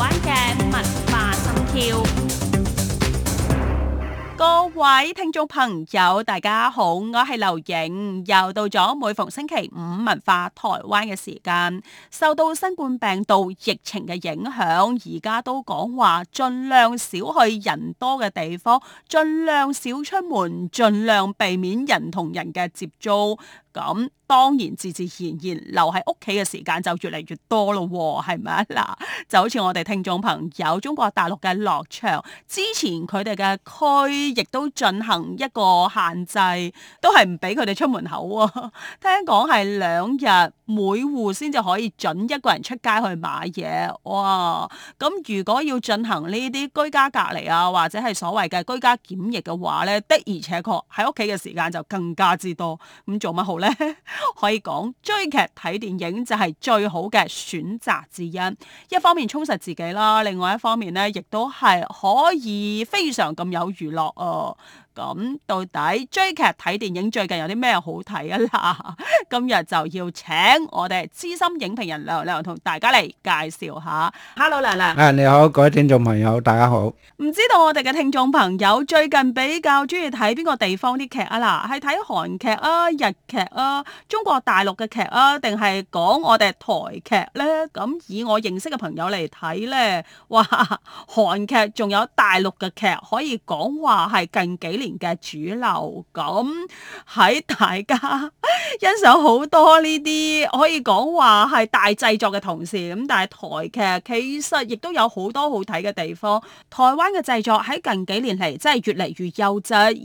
台灣嘅文化心跳，各位聽眾朋友，大家好，我係劉瑩，又到咗每逢星期五文化台灣嘅時間。受到新冠病毒疫情嘅影響，而家都講話盡量少去人多嘅地方，盡量少出門，盡量避免人同人嘅接觸。咁當然，自自然然留喺屋企嘅時間就越嚟越多咯、哦，係咪嗱， 就好似我哋聽眾朋友，中國大陸嘅落場，之前佢哋嘅區亦都進行一個限制，都係唔俾佢哋出門口喎、哦。聽講係兩日每戶先至可以準一個人出街去買嘢，哇！咁如果要進行呢啲居家隔離啊，或者係所謂嘅居家檢疫嘅話呢，的而且確喺屋企嘅時間就更加之多。咁做乜好呢？ 可以講追劇睇電影就係最好嘅選擇之一，一方面充實自己啦，另外一方面咧，亦都係可以非常咁有娛樂哦。咁到底追劇睇電影最近有啲咩好睇啊啦？今日就要請我哋資深影評人亮亮同大家嚟介紹下。Hello 亮亮。啊，你好，各位聽眾朋友大家好。唔知道我哋嘅聽眾朋友最近比較中意睇邊個地方啲劇啊啦？係睇韓劇啊、日劇啊、中國大陸嘅劇啊，定係講我哋台劇呢？咁以我認識嘅朋友嚟睇呢，哇，韓劇仲有大陸嘅劇可以講話係近幾。年嘅主流。咁喺、嗯、大家欣賞好多呢啲可以講話係大製作嘅同時咁，但係台劇其實亦都有好多好睇嘅地方。台灣嘅製作喺近幾年嚟，真係越嚟越優質，而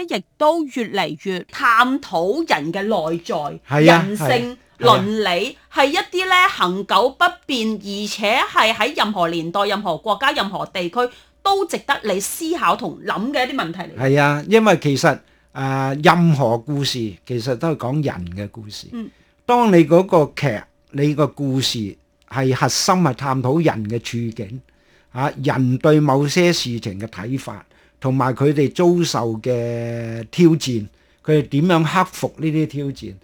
且亦都越嚟越探討人嘅內在、啊、人性、倫理、係、啊啊啊、一啲咧，恆久不變，而且係喺任何年代、任何國家、任何地區。都值得你思考同諗嘅一啲問題嚟。係啊，因為其實誒任何故事其實都係講人嘅故事。嗯，當你嗰個劇你個故事係核心係探討人嘅處境啊，人對某些事情嘅睇法，同埋佢哋遭受嘅挑戰，佢哋點樣克服呢啲挑戰？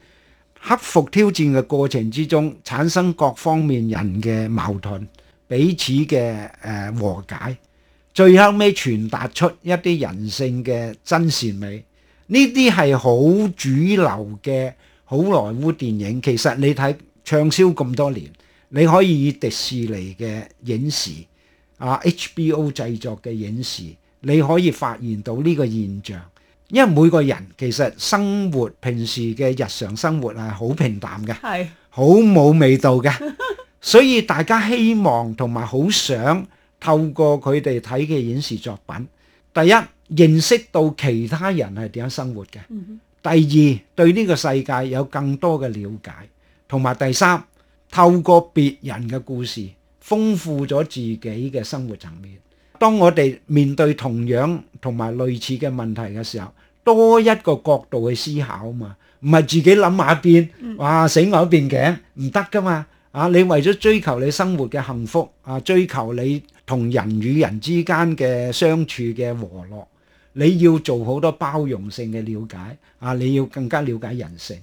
克服挑戰嘅過程之中，產生各方面人嘅矛盾，彼此嘅誒和解。最後尾傳達出一啲人性嘅真善美，呢啲係好主流嘅好萊塢電影。其實你睇暢銷咁多年，你可以以迪士尼嘅影視啊，HBO 製作嘅影視，你可以發現到呢個現象。因為每個人其實生活平時嘅日常生活係好平淡嘅，係好冇味道嘅，所以大家希望同埋好想。透過佢哋睇嘅影視作品，第一認識到其他人係點樣生活嘅；第二對呢個世界有更多嘅瞭解，同埋第三透過別人嘅故事，豐富咗自己嘅生活層面。當我哋面對同樣同埋類似嘅問題嘅時候，多一個角度去思考啊嘛，唔係自己諗下邊，哇死我一邊頸唔得㗎嘛啊！你為咗追求你生活嘅幸福啊，追求你。同人與人之間嘅相處嘅和樂，你要做好多包容性嘅了解啊！你要更加了解人性。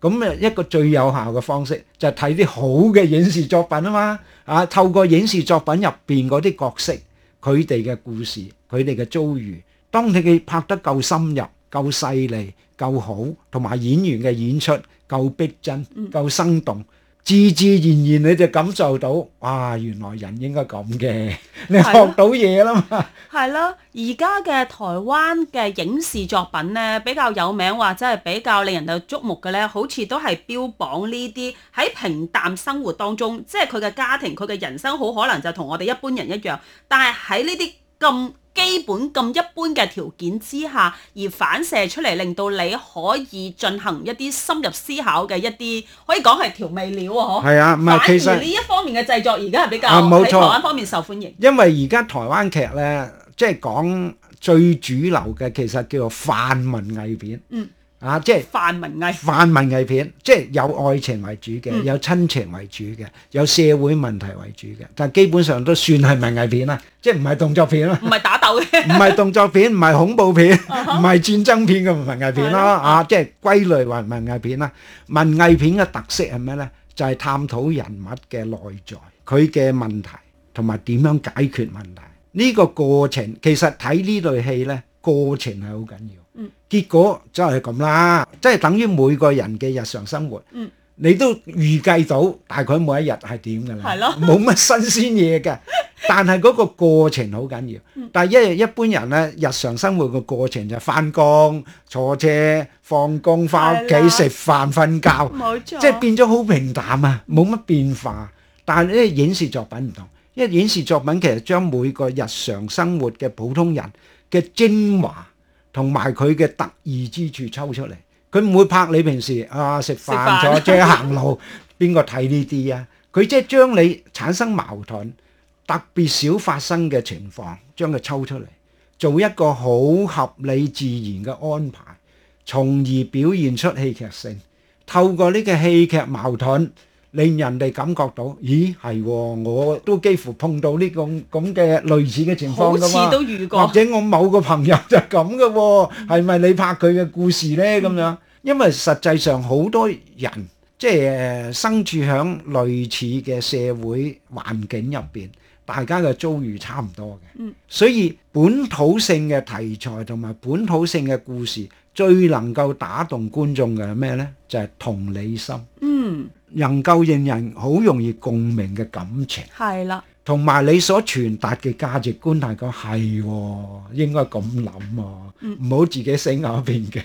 咁啊，一個最有效嘅方式就係睇啲好嘅影視作品啊嘛啊！透過影視作品入邊嗰啲角色，佢哋嘅故事，佢哋嘅遭遇，當你嘅拍得夠深入、夠細膩、夠好，同埋演員嘅演出夠逼真、夠生動。自自然然你就感受到，啊，原來人應該咁嘅，你學到嘢啦嘛。係囉，而家嘅台灣嘅影視作品呢，比較有名話，即係比較令人就矚目嘅呢，好似都係標榜呢啲喺平淡生活當中，即係佢嘅家庭，佢嘅人生好可能就同我哋一般人一樣，但係喺呢啲咁，基本咁一般嘅條件之下，而反射出嚟，令到你可以進行一啲深入思考嘅一啲，可以講係調味料喎，嗬。係啊、其實呢一方面嘅製作而家係比較喺、啊、台灣方面受歡迎。因為而家台灣劇呢，即係講最主流嘅，其實叫做泛文藝片。嗯。啊！即係泛文藝、泛文藝片，即係有愛情為主嘅，有親情為主嘅，有社會問題為主嘅，但係基本上都算係文藝片啦。即係唔係動作片啦，唔係打鬥嘅，唔係動作片，唔係恐怖片，唔係戰爭片嘅文藝片啦。啊！即係歸類為文藝片啦。文藝片嘅特色係咩呢？就係探討人物嘅內在，佢嘅問題同埋點樣解決問題呢個過程。其實睇呢類戲呢，過程係好緊要。嗯，結果就係咁啦，即係等於每個人嘅日常生活，嗯，你都預計到大概每一日係點噶啦，係咯，冇乜新鮮嘢嘅，但係嗰個過程好緊要，但係因為一一般人咧日常生活嘅過程就翻工、坐車、放工、翻屋企、食飯、瞓覺，冇錯，即係變咗好平淡啊，冇乜變化，但係呢影視作品唔同，因為影視作品其實將每個日常生活嘅普通人嘅精華。同埋佢嘅得意之處抽出嚟，佢唔會拍你平時啊食飯咗，即係行路，邊個睇呢啲啊？佢即係將你產生矛盾，特別少發生嘅情況，將佢抽出嚟，做一個好合理自然嘅安排，從而表現出戲劇性。透過呢個戲劇矛盾，令人哋感覺到，咦，係喎，我都幾乎碰到呢種咁嘅類似嘅情況噶嘛，都遇過或者我某個朋友就咁噶喎，係咪、嗯、你拍佢嘅故事呢，咁樣？因為實際上好多人即係生住響類似嘅社會環境入邊，大家嘅遭遇差唔多嘅，嗯，所以本土性嘅題材同埋本土性嘅故事，最能夠打動觀眾嘅係咩呢？就係、是、同理心，嗯。能夠令人好容易共鳴嘅感情係啦，同埋你所傳達嘅價值觀大概係喎，應該咁諗啊，唔好自己死咬辯嘅。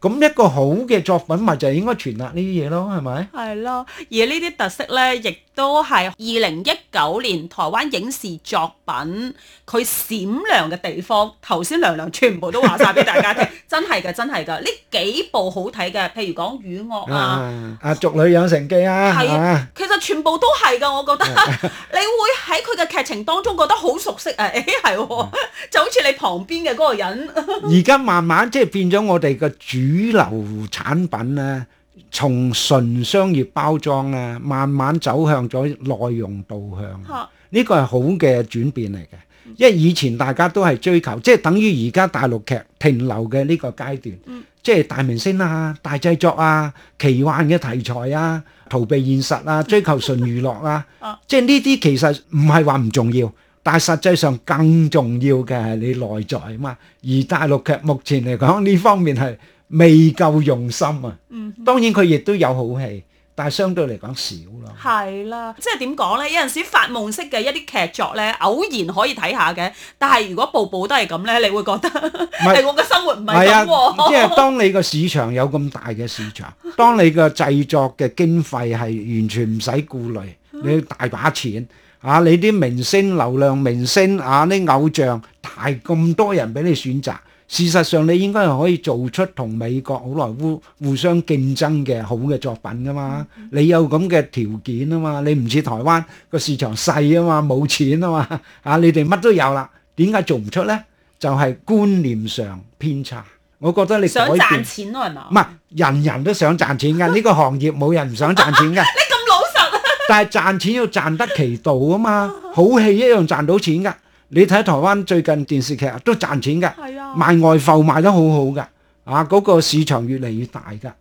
咁一個好嘅作品，咪就應該傳達呢啲嘢咯，係咪？係咯，而呢啲特色咧亦～都係二零一九年台灣影視作品，佢閃亮嘅地方。頭先娘娘全部都話晒俾大家聽， 真係㗎，真係㗎。呢幾部好睇嘅，譬如講《與惡》啊，《阿俗女養成記》啊，啊，啊是啊其實全部都係㗎。我覺得 你會喺佢嘅劇情當中覺得好熟悉啊！誒、哎，係喎， 就好似你旁邊嘅嗰個人。而 家慢慢即係變咗我哋嘅主流產品啊。從純商業包裝啊，慢慢走向咗內容導向，呢、啊、個係好嘅轉變嚟嘅。因為以前大家都係追求，即係等於而家大陸劇停留嘅呢個階段，嗯、即係大明星啊、大製作啊、奇幻嘅題材啊、逃避現實啊、追求純娛樂啊，啊即係呢啲其實唔係話唔重要，但係實際上更重要嘅係你內在啊嘛。而大陸劇目前嚟講呢方面係。未夠用心啊！當然佢亦都有好戲，但係相對嚟講少咯。係啦，即係點講咧？有陣時發夢式嘅一啲劇作咧，偶然可以睇下嘅。但係如果部部都係咁咧，你會覺得唔係我嘅生活唔係咁喎。即係當你個市場有咁大嘅市場，當你個製作嘅經費係完全唔使顧慮，你大把錢啊！你啲明星、流量明星啊，啲偶像大咁多人俾你選擇。事實上，你應該係可以做出同美國好萊塢互相競爭嘅好嘅作品噶嘛？你有咁嘅條件啊嘛？你唔似台灣個市場細啊嘛，冇錢嘛啊嘛嚇！你哋乜都有啦，點解做唔出呢？就係、是、觀念上偏差。我覺得你改變想賺錢唔、啊、係不人人都想賺錢㗎，呢 個行業冇人唔想賺錢㗎、啊。你咁老實 但係賺錢要賺得其道啊嘛，好戲一樣賺到錢㗎。你睇台灣最近電視劇都賺錢㗎，的賣外埠賣得好好㗎，啊嗰個市場越嚟越大㗎，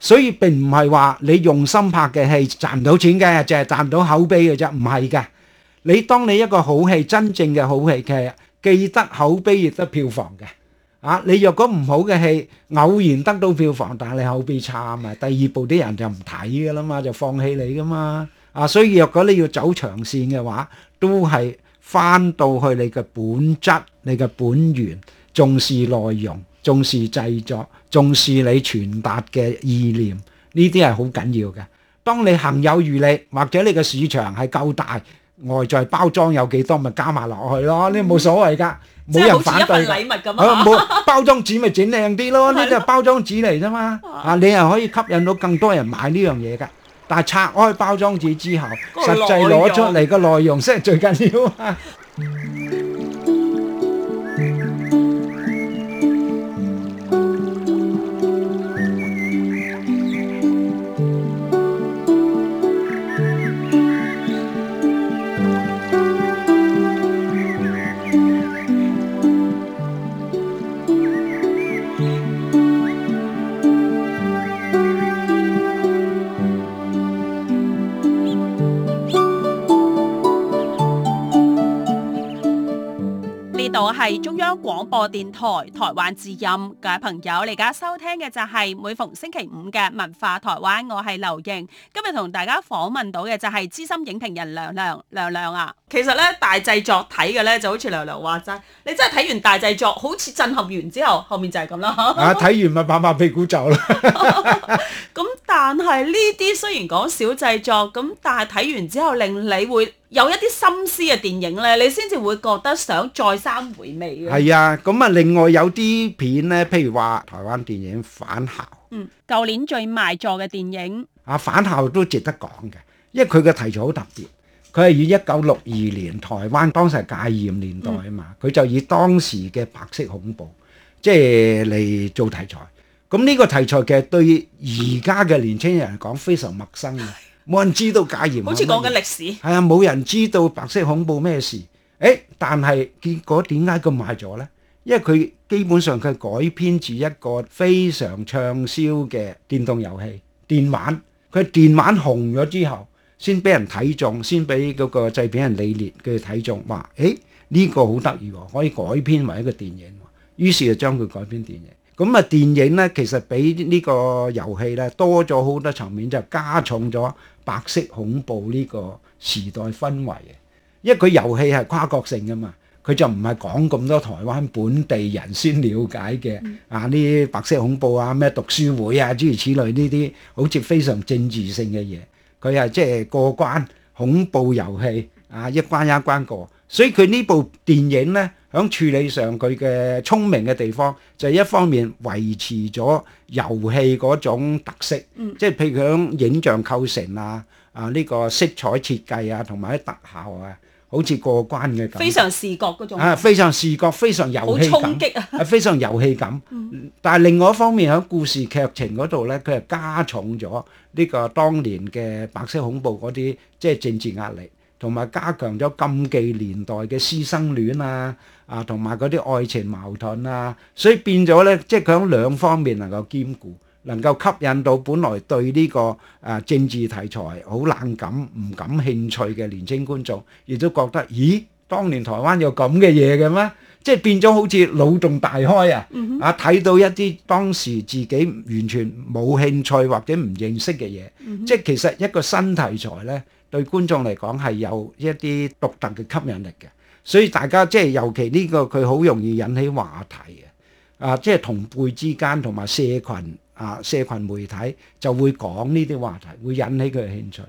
所以並唔係話你用心拍嘅戲賺唔到錢嘅，淨係賺唔到口碑嘅啫，唔係㗎。你當你一個好戲，真正嘅好戲劇，既得口碑亦得票房嘅，啊你若果唔好嘅戲，偶然得到票房，但你口碑差啊嘛，第二部啲人就唔睇㗎啦嘛，就放棄你㗎嘛，啊所以若果你要走長線嘅話，都係。翻到去你嘅本質，你嘅本源，重視內容，重視製作，重視你傳達嘅意念，呢啲係好緊要嘅。當你行有餘力，或者你嘅市場係夠大，外在包裝有幾多咪加埋落去咯，你冇所謂㗎，冇、嗯、人反對。禮物噉樣，啊，包裝紙咪整靚啲咯，呢啲係包裝紙嚟啫嘛，啊， 你係可以吸引到更多人買呢樣嘢㗎。但係拆開包裝紙之後，實際攞出嚟嘅內容先係最緊要啊！ 嗯係中央廣播電台台灣之音嘅朋友，而家收聽嘅就係每逢星期五嘅文化台灣，我係劉盈。今日同大家訪問到嘅就係資深影評人娘娘娘娘啊。其實咧大製作睇嘅咧就好似娘娘話齋，你真係睇完大製作，好似震撼完之後，後面就係咁啦。 啊，睇完咪拍拍屁股走啦。 但係呢啲雖然講小製作，咁但係睇完之後令你會有一啲心思嘅電影呢，你先至會覺得想再三回味嘅。係啊，咁啊，另外有啲片呢，譬如話台灣電影《返校》，嗯，舊年最賣座嘅電影啊，《返校》都值得講嘅，因為佢嘅題材好特別，佢係以一九六二年台灣當時係戒嚴年代啊嘛，佢、嗯、就以當時嘅白色恐怖，即係嚟做題材。咁呢個題材其實對於而家嘅年青人嚟講非常陌生嘅，冇人知道戒嚴，好似講緊歷史。係啊，冇人知道白色恐怖咩事。誒，但係結果點解佢賣咗呢？因為佢基本上佢改編自一個非常暢銷嘅電動遊戲電玩。佢電玩紅咗之後，先俾人睇中，先俾嗰個製片人李烈佢睇中，話誒呢個好得意，可以改編為一個電影。於是就將佢改編電影。咁啊，電影呢其實比呢個遊戲呢多咗好多層面，就加重咗白色恐怖呢個時代氛圍嘅。因為佢遊戲係跨國性嘅嘛，佢就唔係講咁多台灣本地人先了解嘅，嗯、啊，呢白色恐怖啊，咩讀書會啊諸如此類呢啲，好似非常政治性嘅嘢。佢係即係過關恐怖遊戲啊，一關一關過，所以佢呢部電影呢。喺處理上佢嘅聰明嘅地方就係一方面維持咗遊戲嗰種特色，嗯、即係譬如響影像構成啊、啊呢個色彩設計啊同埋啲特效啊，好似過關嘅咁，非常視覺嗰種啊，非常視覺、非常遊戲感，好衝擊啊， 非常遊戲感。但係另外一方面喺故事劇情嗰度咧，佢係加重咗呢個當年嘅白色恐怖嗰啲即係政治壓力。同埋加強咗禁忌年代嘅師生戀啊，啊同埋嗰啲愛情矛盾啊，所以變咗咧，即係佢喺兩方面能夠兼顧，能夠吸引到本來對呢、這個誒、啊、政治題材好冷感、唔感興趣嘅年輕觀眾，亦都覺得咦，當年台灣有咁嘅嘢嘅咩？即係變咗好似腦洞大開啊！Mm hmm. 啊，睇到一啲當時自己完全冇興趣或者唔認識嘅嘢，mm hmm. 即係其實一個新題材咧。對觀眾嚟講係有一啲獨特嘅吸引力嘅，所以大家即係尤其呢、呢個佢好容易引起話題嘅，啊即係同輩之間同埋社群啊社群媒體就會講呢啲話題，會引起佢嘅興趣。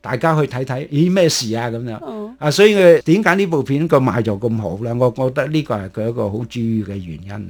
大家去睇睇咦咩事啊咁樣、哦、啊，所以佢點解呢部片佢賣就咁好咧？我覺得呢個係佢一個好主要嘅原因。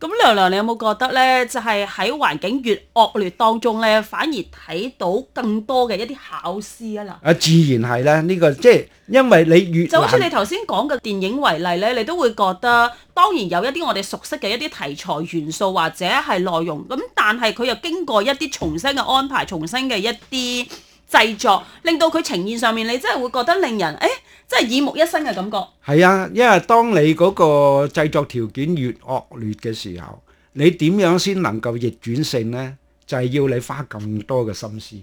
咁，娘娘，你有冇覺得呢？就係喺環境越惡劣當中呢，反而睇到更多嘅一啲巧思啊！嗱，啊，自然係啦，呢、呢個即係因為你越就好似你頭先講嘅電影為例呢，你都會覺得當然有一啲我哋熟悉嘅一啲題材元素或者係內容咁，但係佢又經過一啲重新嘅安排、重新嘅一啲製作，令到佢呈現上面，你真係會覺得令人誒。誒即係耳目一新嘅感覺。係啊，因為當你嗰個製作條件越惡劣嘅時候，你點樣先能夠逆轉勝呢？就係、是、要你花咁多嘅心思。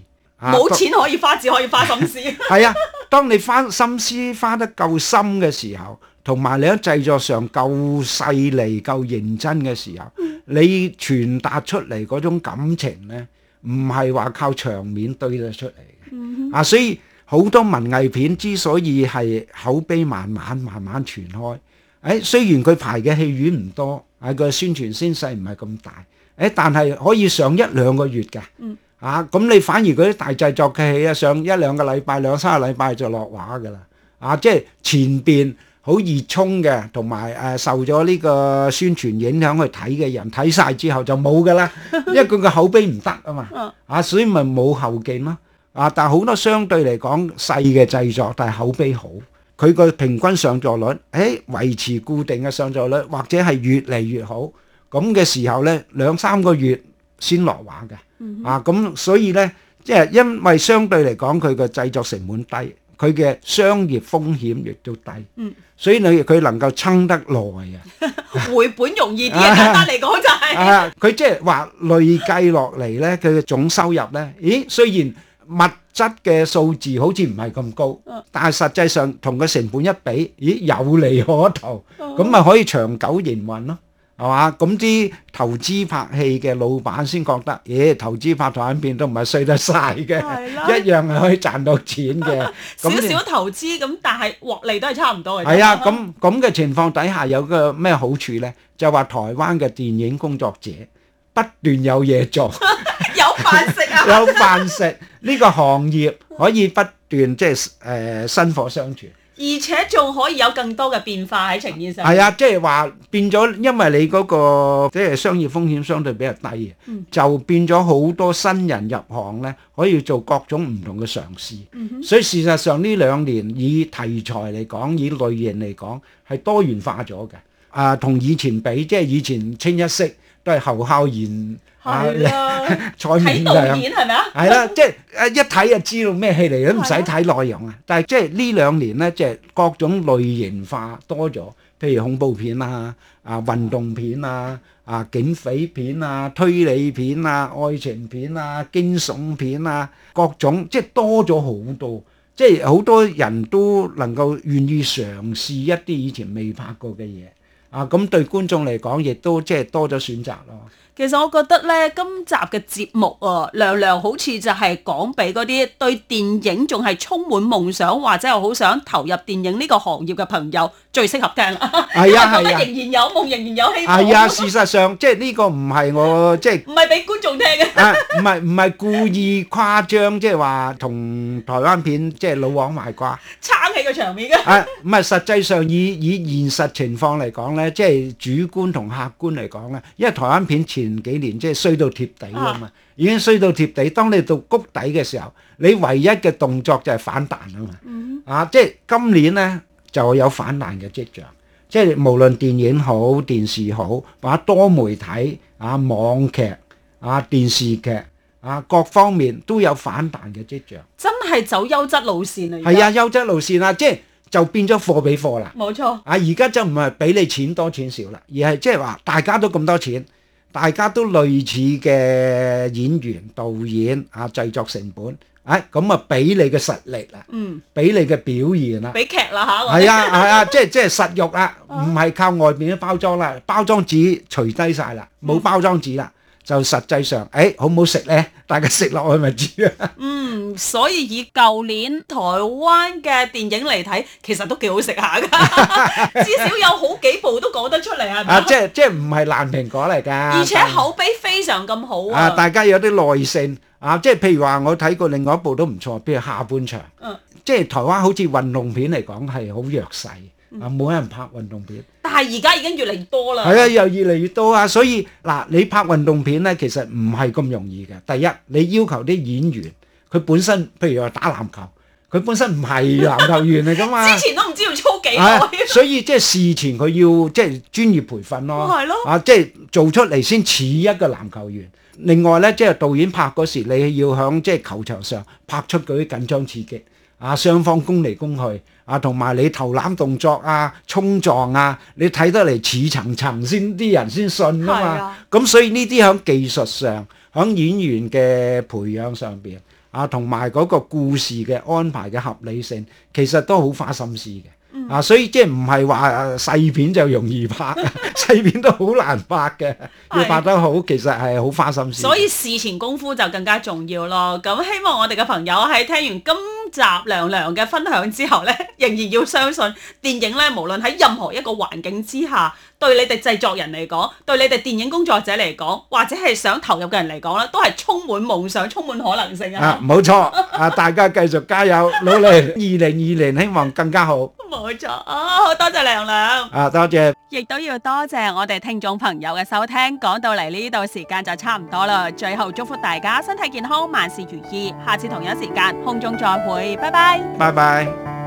冇、啊、錢可以花，只可以花心思。係 啊，當你花心思花得夠深嘅時候，同埋你喺製作上夠細膩、夠認真嘅時候，嗯、你傳達出嚟嗰種感情呢，唔係話靠場面堆得出嚟嘅。嗯、哼啊，所以。好多文藝片之所以係口碑慢慢慢慢傳開，誒、哎、雖然佢排嘅戲院唔多，啊、哎、個宣傳聲勢唔係咁大，誒、哎、但係可以上一兩個月嘅，啊咁你反而嗰啲大製作嘅戲啊，上一兩個禮拜兩三個禮拜就落畫㗎啦，啊即係前邊好熱衷嘅，同埋誒受咗呢個宣傳影響去睇嘅人睇晒之後就冇㗎啦，因為佢個口碑唔得啊嘛，啊所以咪冇後勁咯。但好多相對嚟講，細嘅製作，但係口碑好。佢個平均上座率, 物質嘅數字好似唔係咁高，啊、但係實際上同個成本一比，咦，有利可圖，咁咪、啊、可以長久營運咯，係嘛？咁啲投資拍戲嘅老闆先覺得，咦、欸、投資拍台片都唔係衰得晒嘅，啊、一樣係可以賺到錢嘅。啊、那少少投資咁，但係獲利都係差唔多嘅。係啊，咁咁嘅情況底下有個咩好處呢？就話台灣嘅電影工作者不斷有嘢做。 飯 食啊！有飯食，呢個行業可以不斷即係誒薪火相傳，而且仲可以有更多嘅變化喺呈現上。係啊，即係話變咗，因為你嗰、那個即係商業風險相對比較低，嗯、就變咗好多新人入行咧，可以做各種唔同嘅嘗試。嗯、哼所以事實上呢兩年以題材嚟講，以類型嚟講係多元化咗嘅。啊、呃，同以前比，即係以前清一色。都係侯孝賢啊，蔡明亮，係咪啊？係啦，即係 一睇就知道咩戲嚟嘅，唔使睇內容啊。的但係即係呢兩年咧，即係各種類型化多咗，譬如恐怖片啊、啊運動片啊、啊警匪片啊、推理片啊、愛情片啊、驚悚片啊，各種即係多咗好多，即係好多人都能夠願意嘗試一啲以前未拍過嘅嘢。啊，咁對觀眾嚟講，亦都即係多咗選擇咯。其實我覺得呢，今集嘅節目啊，涼涼好似就係講俾嗰啲對電影仲係充滿夢想或者係好想投入電影呢個行業嘅朋友最適合聽啦。係啊係啊，仍然有夢，仍然有希望。係啊，事實上即係呢個唔係我即係。唔係俾觀眾聽嘅。啊，唔係唔係故意誇張，即係話同台灣片即係老王賣瓜。撐起個場面嘅。啊，唔係實際上以以現實情況嚟講呢，即係主觀同客觀嚟講呢，因為台灣片前。前幾年即係衰到貼底啊嘛，已經衰到貼底。當你到谷底嘅時候，你唯一嘅動作就係反彈啊嘛。嗯、啊，即係今年呢，就有反彈嘅跡象。即係無論電影好、電視好，啊、或者多媒體啊、網劇啊、電視劇啊，各方面都有反彈嘅跡象。真係走優質路線啊！係啊，優質路線啊，即係就變咗貨比貨啦。冇錯。啊，而家就唔係俾你錢多錢少啦，而係即係話大家都咁多錢。大家都類似嘅演員、導演啊，製作成本，誒、哎、咁、嗯、啊，俾你嘅實力啦，俾你嘅表現啦，俾劇啦嚇，係啊係啊，即係即係實肉啦，唔係靠外邊嘅包裝啦，包裝紙除低晒啦，冇包裝紙啦。嗯就實際上，誒、哎、好唔好食咧？大家食落去咪知啊！嗯，所以以舊年台灣嘅電影嚟睇，其實都幾好食下噶， 至少有好幾部都講得出嚟，係咪啊？即即唔係爛蘋果嚟㗎，而且口碑非常咁好啊，啊！大家有啲耐性啊！即譬如話，我睇過另外一部都唔錯，譬如下半場，即、嗯、即台灣好似運動片嚟講係好弱勢。啊！冇人拍運動片，但係而家已經越嚟越多啦。係啊，又越嚟越多啊！所以嗱，你拍運動片咧，其實唔係咁容易嘅。第一，你要求啲演員，佢本身譬如話打籃球，佢本身唔係籃球員嚟㗎嘛。 之前都唔知要操幾耐，啊啊。所以即係事前佢要即係專業培訓咯。係咯。啊，即係做出嚟先似一個籃球員。另外咧，即係導演拍嗰時，你要響即係球場上拍出嗰啲緊張刺激。啊！雙方攻嚟攻去，啊同埋你投籃動作啊、衝撞啊，你睇得嚟似層層先啲人先信噶嘛。咁所以呢啲喺技術上、喺演員嘅培養上面，啊同埋嗰個故事嘅安排嘅合理性，其實都好花心思嘅。啊，所以即係唔係話細片就容易拍，細片都好難拍嘅，要拍得好其實係好花心思。所以事前功夫就更加重要咯。咁希望我哋嘅朋友喺聽完今集娘娘嘅分享之後呢，仍然要相信電影呢，無論喺任何一個環境之下，對你哋製作人嚟講，對你哋電影工作者嚟講，或者係想投入嘅人嚟講啦，都係充滿夢想、充滿可能性啊！冇錯啊，錯 大家繼續加油努力，二零二零希望更加好。冇錯，好、啊、多謝娘娘，啊，多謝，亦都要多謝我哋聽眾朋友嘅收聽。講到嚟呢度，時間就差唔多啦，最後祝福大家身體健康，萬事如意。下次同一時間，空中再會。拜拜，拜拜。